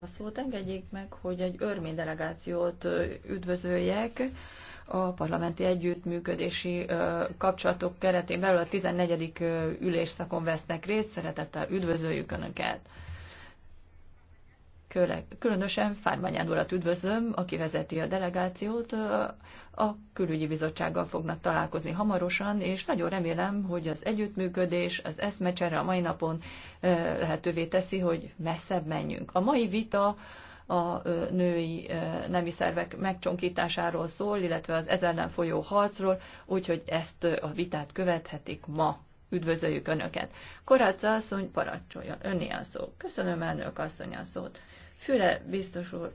a szót. Engedjék meg, hogy egy örmény delegációt üdvözöljek a parlamenti együttműködési kapcsolatok keretén belül a 14. ülésszakon vesznek részt. Szeretettel üdvözöljük Önöket! Különösen Fármányán urat üdvözlöm, aki vezeti a delegációt, a külügyi bizottsággal fognak találkozni hamarosan, és nagyon remélem, hogy az együttműködés, az eszmecsere a mai napon lehetővé teszi, hogy messzebb menjünk. A mai vita a női nemi szervek megcsonkításáról szól, illetve az ezzel nem folyó harcról, úgyhogy ezt a vitát követhetik ma. Üdvözöljük Önöket. Koradza asszony, parancsoljon, Öné a szó. Köszönöm, elnök asszony a szót. Füle biztos úr,